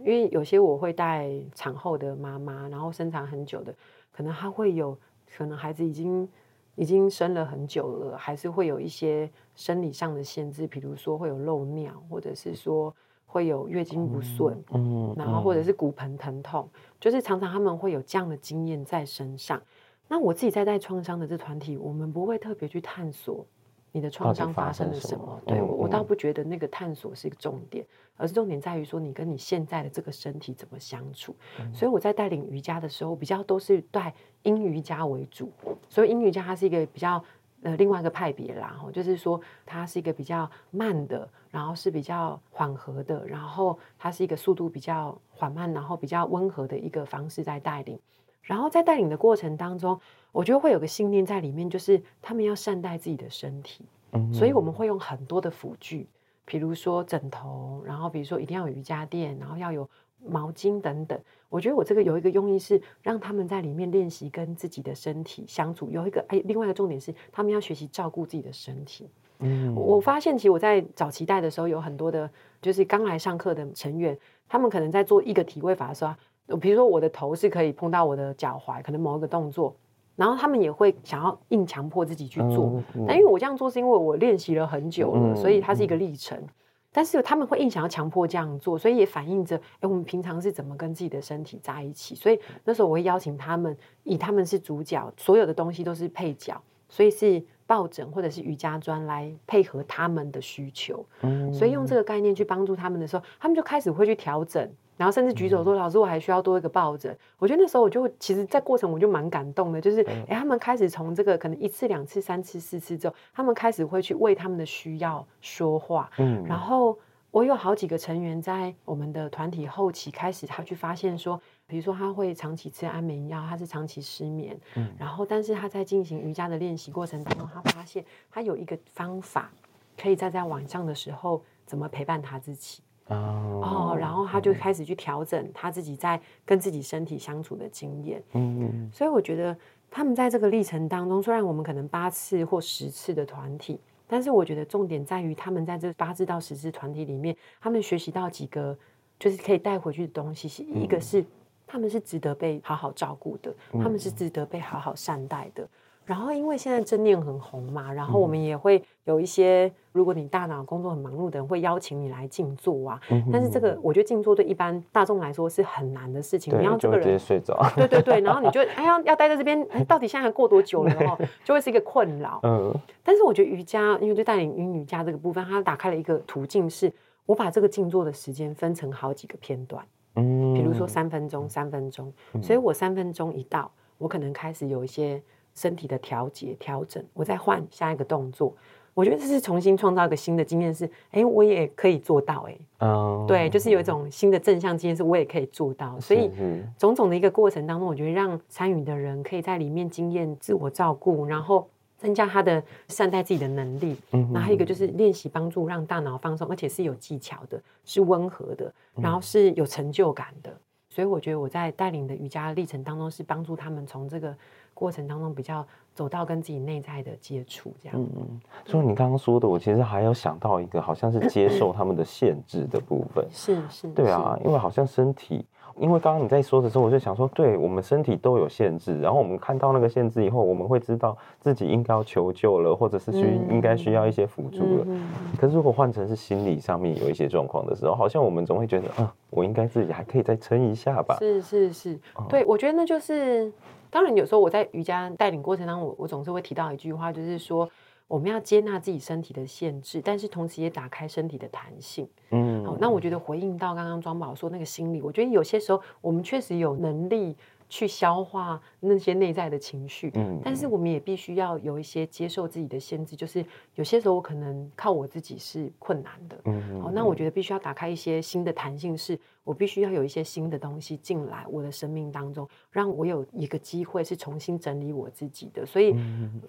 Speaker 2: 因為有些我會帶產後的媽媽，然後生產很久的，可能她會有可能孩子已經已經生了很久了，還是會有一些生理上的限制，比如說會有漏尿，或者是說會有月經不順，嗯嗯嗯、然後或者是骨盆疼痛，嗯、就是常常他們會有這樣的經驗在身上。那我自己在帶創傷的這團體，我們不會特別去探索。你的創傷發生了什麼？什麼，對、嗯、我，我倒不覺得那個探索是一個重點，嗯、而是重點在於說，你跟你現在的這個身體怎麼相處。嗯、所以我在帶領瑜伽的時候，比較都是帶陰瑜伽為主。所以陰瑜伽它是一個比較呃另外一個派別啦，就是說它是一個比較慢的，然後是比較緩和的，然後它是一個速度比較緩慢，然後比較溫和的一個方式在帶領。然後在帶領的過程當中，我覺得會有個信念在裡面，就是他們要善待自己的身體。嗯、mm，hmm. 所以我們會用很多的輔具，比如說枕頭，然後比如說一定要有瑜伽墊，然後要有毛巾等等。我覺得我這個有一個用意是讓他們在裡面練習跟自己的身體相處。有一個哎，另外一個重點是他們要學習照顧自己的身體。嗯、
Speaker 3: mm，hmm. 我
Speaker 2: 發現其實我在早期帶的時候，有很多的，就是剛來上課的成員，他們可能在做一個體位法的時候、啊。比如說，我的頭是可以碰到我的腳踝，可能某一個動作，然後他們也會想要硬強迫自己去做。嗯、但因為我這樣做是因為我練習了很久了，嗯、所以它是一個歷程。嗯嗯、但是他們會硬想要強迫這樣做，所以也反映着，哎，我們平常是怎麼跟自己的身體在一起？所以那時候我會邀請他們，以他們是主角，所有的東西都是配角，所以是抱枕或者是瑜伽磚來配合他們的需求。嗯、所以用這個概念去幫助他們的時候，他們就開始會去調整。然後甚至舉手說：“嗯、老師，我還需要多一個抱枕。”我覺得那時候我就其實，在過程我就蠻感動的，就是、嗯、哎，他們開始從這個可能一次、兩次、三次、四次之後，他們開始會去為他們的需要說話。嗯，然後我有好幾個成員在我們的團體後期開始，他去發現說，比如說他會長期吃安眠藥，他是長期失眠，嗯，然後但是他在進行瑜伽的練習過程當中，他發現他有一個方法，可以在在晚上的時候怎麼陪伴他自己。哦，oh, oh, 然後他就開始去調整他自己在跟自己身體相處的經驗。嗯、mm，hmm. 所以我覺得他們在這個歷程當中，雖然我們可能八次或十次的團體，但是我覺得重點在於他們在這八次到十次團體裡面，他們學習到幾個就是可以帶回去的東西，是、mm hmm. 一個是他們是值得被好好照顧的，他們是值得被好好善待的。然後，因為現在正念很紅嘛，然後我們也會有一些，如果你大腦工作很忙碌的人，會邀請你來靜坐啊。但是這個，我覺得靜坐對一般大眾來說是很難的事情。對，然後這個人直接睡
Speaker 1: 着。對對對，然後你
Speaker 2: 就哎呀，要待在這邊，到底現在還過多久了後？然後對就會是一個困擾。嗯。但是我覺得瑜伽，因為就帶領陰瑜伽這個部分，它打開了一個途徑是，是我把這個靜坐的時間分成好幾個片段。
Speaker 3: 嗯。比如說三
Speaker 2: 分鐘，三分鐘，嗯、所以我三分鐘一到，我可能開始有一些。身體的調節、調整，我再換下一個動作。我覺得這是重新創造一個新的經驗，是哎，我也可以做到哎。
Speaker 3: 哦，oh. 對，就是
Speaker 2: 有一種新的正向經驗，是我也可以做到。所以，是是種種的一個過程當中，我覺得讓參與的人可以在裡面經驗自我照顧，然後增加他的善待自己的能力。嗯，嗯，然後還有一個就是練習幫助讓大腦放鬆，而且是有技巧的，是溫和的，然後是有成就感的。嗯、所以，我覺得我在帶領的瑜伽的歷程當中，是幫助他們從這個。過程當中比較走到跟自己內在的接觸，這樣。
Speaker 1: 嗯嗯。所以你剛剛說的，我其實還有想到一個，好像是接受他們的限制的部分。是 [COUGHS]
Speaker 2: 是。是對
Speaker 1: 啊！是因為好像身體，因為剛剛你在說的時候，我就想說，對我們身體都有限制，然後我們看到那個限制以後，我們會知道自己應該要求救了，或者是需，嗯、應該需要一些輔助了。嗯嗯嗯，可是如果換成是心理上面有一些狀況的時候，好像我們總會覺得啊，嗯，我應該自己還可以再撐一下吧。是是
Speaker 2: 是。是是嗯，對，我覺得那就是。當然，有時候我在瑜伽帶領過程當中，我我總是會提到一句話，就是說我們要接納自己身體的限制，但是同時也打開身體的彈性。嗯，嗯，好，那我覺得回應到剛剛莊寶說那個心理，我覺得有些時候我們確實有能力。去消化那些內在的情緒，嗯，嗯，但是我們也必須要有一些接受自己的限制，就是有些時候我可能靠我自己是困難的，
Speaker 3: 嗯，嗯，嗯，好，那我覺
Speaker 2: 得必須要打開一些新的彈性，是我必須要有一些新的東西進來我的生命當中，讓我有一個機會是重新整理我自己的。所以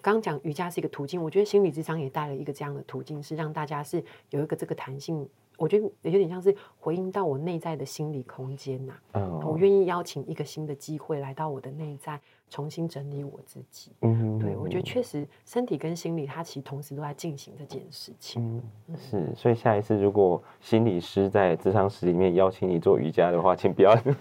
Speaker 2: 剛，剛講瑜珈是一個途徑，我覺得心理諮商也帶了一個這樣的途徑，是讓大家是有一個這個彈性。我覺得也有點像是回應到我內在的心理空間吶、啊
Speaker 3: ，uh oh. 我願
Speaker 2: 意邀請一個新的機會來到我的內在。重新整理我自己，嗯對，我覺得確實身體跟心理，它其實同時都在進行這件事情。嗯嗯、
Speaker 1: 是，所以下一次如果心理師在諮商室裡面邀請你做瑜伽的話，請不要，嗯、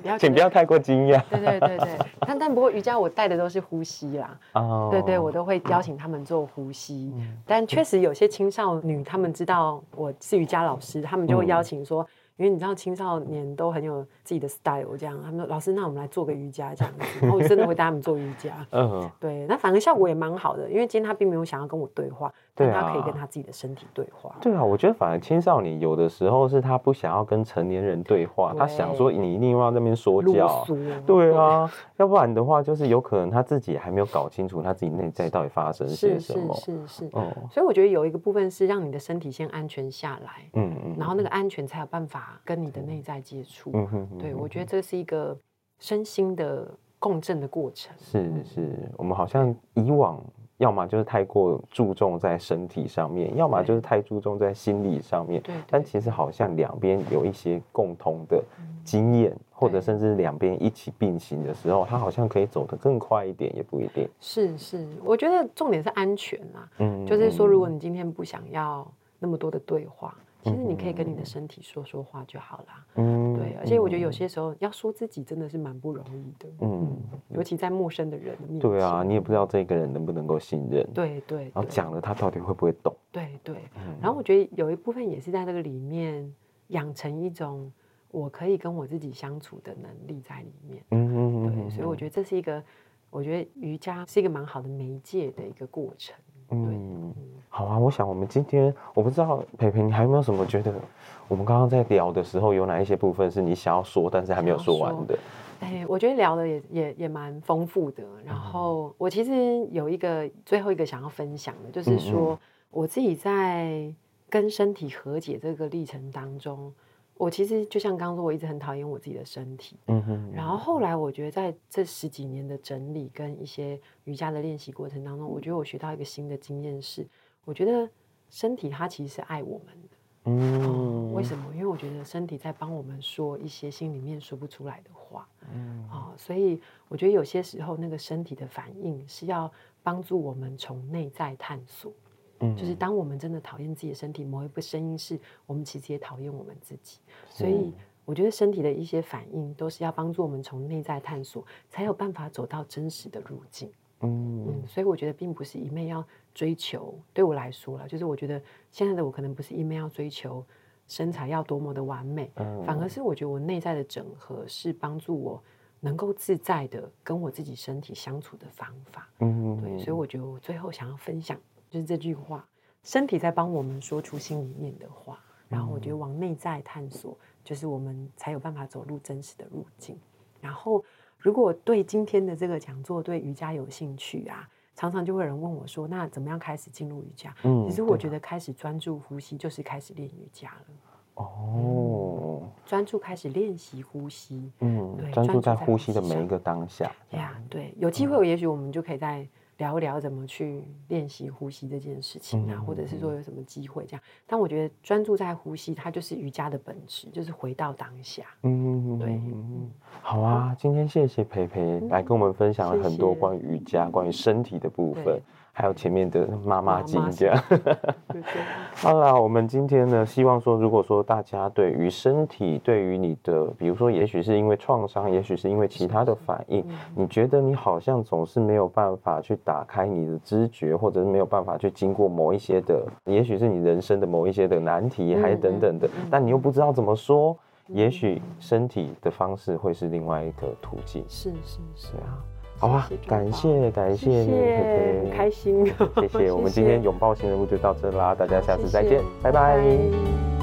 Speaker 1: 不要 [LAUGHS] 請不要太過驚
Speaker 2: 訝。對對對，對 [LAUGHS] 但但不過瑜伽我帶的都是呼吸啦，哦，對對，我都會邀請他們做呼吸。嗯、但確實有些青少女，他們知道我是瑜伽老師，他們就會邀請說。嗯因為你知道青少年都很有自己的 style，這樣他們說老師，那我們來做個瑜伽這樣子， [LAUGHS] 然後我真的會帶他們做瑜伽。嗯， [LAUGHS] 對，那反正效果也蠻好的，因為今天他並沒有想要跟我對話，對、啊，他可以跟他自己的身體對話。
Speaker 1: 對啊，我覺得反而青少年有的時候是他不想要跟成年人對話，對他想說你一定要在那邊說教，對啊，對要不然的話就是有可能他自己還沒有搞清楚他自己內在到底發生些
Speaker 2: 什麼，是是是，是是是嗯、所以我覺得有一個部分是讓你的身體先安全下來，嗯嗯，然後那個安全才有辦法。跟你的內在接觸，嗯、哼對、嗯、哼我覺得這是一個身心的共振的過程。
Speaker 1: 是是，我們好像以往要麼就是太過注重在身體上面，對要麼就是太注重在心理上面。對，對，但其實好像兩邊有一些共同的經驗，嗯、或者甚至兩邊一起並行的時候，對它好像可以走得更快一點，也不一定。
Speaker 2: 是是，我覺得重點是安全啊。嗯，
Speaker 3: 就是說，如果
Speaker 2: 你今天不想要那麼多的對話。其實你可以跟你的身體說說話就好了，嗯，對，而且我覺得有些時候要說自己真的是蠻不容易的，
Speaker 1: 嗯，尤
Speaker 2: 其在陌生的人面前，
Speaker 1: 嗯，對啊，你也不知道這個人能不能夠信任，對對，對，然後講了他到底會不會懂，
Speaker 2: 對對，對對嗯，然後我覺得有一部分也是在這個裡面養成一種我可以跟我自己相處的能力在裡面，嗯嗯，對，嗯，所以我覺得這是一個，我覺得瑜伽是一個蠻好的媒介的一個過程，嗯。
Speaker 1: 對，嗯好啊，我想我們今天我不知道培培你還有沒有什麼覺得我們剛剛在聊的時候有哪一些部分是你想要說，但是還沒有說完的？
Speaker 2: 哎，我覺得聊的也也也蠻豐富的。然後我其實有一個最後一個想要分享的，就是說，我自己在跟身體和解這個歷程當中，我其實就像剛剛說，我一直很討厭我自己的身體。嗯
Speaker 3: 哼。然
Speaker 2: 後後來我覺得在這十幾年的整理跟一些瑜伽的練習過程當中，我覺得我學到一個新的經驗是。我覺得身體它其實是愛我們的，
Speaker 3: 嗯、哦，為什麼？
Speaker 2: 因為我覺得身體在幫我們說一些心裡面說不出來的話，嗯，啊、哦，所以我覺得有些時候那個身體的反應是要幫助我們從內在探索，嗯，就是當我們真的討厭自己的身體，某一部聲音是我們其實也討厭我們自己，嗯，所以我覺得身體的一些反應都是要幫助我們從內在探索，才有辦法走到真實的路徑。嗯，所以我覺得並不是一味要追求，對我來說啦，就是我覺得現在的我可能不是一味要追求身材要多麼的完美，嗯、反而是我覺得我內在的整合是幫助我能夠自在的跟我自己身體相處的方法。
Speaker 3: 嗯，對，所以我
Speaker 2: 覺得我最後想要分享就是這句話：身體在幫我們說出心裡面的話，
Speaker 3: 然後我覺得
Speaker 2: 往內在探索，就是我們才有辦法走入真實的路徑。然後。如果對今天的這個講座對瑜伽有興趣啊，常常就會有人問我說：“那怎麼樣開始進入瑜伽？”其實、嗯啊、我覺得開始專注呼吸就是開始練瑜伽了。哦、嗯，專注開始練習呼吸，嗯，對，專注在呼吸的每一個當下。呀、啊，對，有機會也許我們就可以在。聊一聊怎麼去練習呼吸這件事情啊，或者是說有什麼機會這樣。嗯、但我覺得專注在呼吸，它就是瑜伽的本質，就是回到當下。嗯，
Speaker 1: 對。好啊，嗯、今天謝謝培培來跟我們分享了很多關於瑜伽、嗯、謝謝關於身體的部分。還有前面的媽媽經，經，這樣。 [LAUGHS] 好了，我們今天呢，希望說，如果說大家對於身體，對於你的，比如說，也許是因為創傷，也許是因為其他的反應，你覺得你好像總是沒有辦法去打開你的知覺，或者是沒有辦法去經過某一些的，也許是你人生的某一些的難題，嗯、還等等的，嗯、但你又不知道怎麼說，也許身體的方式會是另外一個途徑。是是是啊。好啊，感謝感謝你，很開
Speaker 2: 心。謝謝， [LAUGHS] 我們今天
Speaker 1: 擁抱心人物就到這啦，大家下次再見，謝謝拜拜。拜拜。